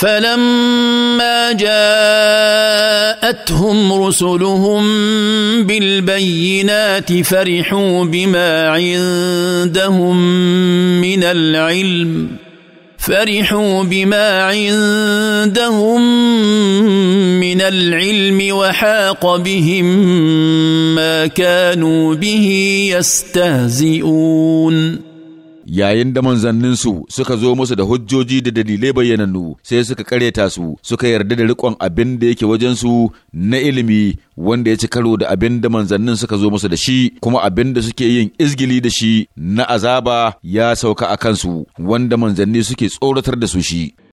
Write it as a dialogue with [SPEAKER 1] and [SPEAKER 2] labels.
[SPEAKER 1] فلما جاءتهم رسلهم بالبينات فرحوا بما عندهم من العلم فرحوا بما عندهم من العلم وحاق بهم
[SPEAKER 2] ما كانوا به يستهزئون yayin da manzanninsu suka zo musu da hujjoji da dalilai bayyanannu sai suka kareta su suka yarda da rikon abin da yake wajen su na ilimi wanda ya ci karo da abin da manzannin suka zo musu da shi kuma abin da suke yin izgili da shi na azaba ya sauka a kansu wanda manzanni suke tsoratar da su shi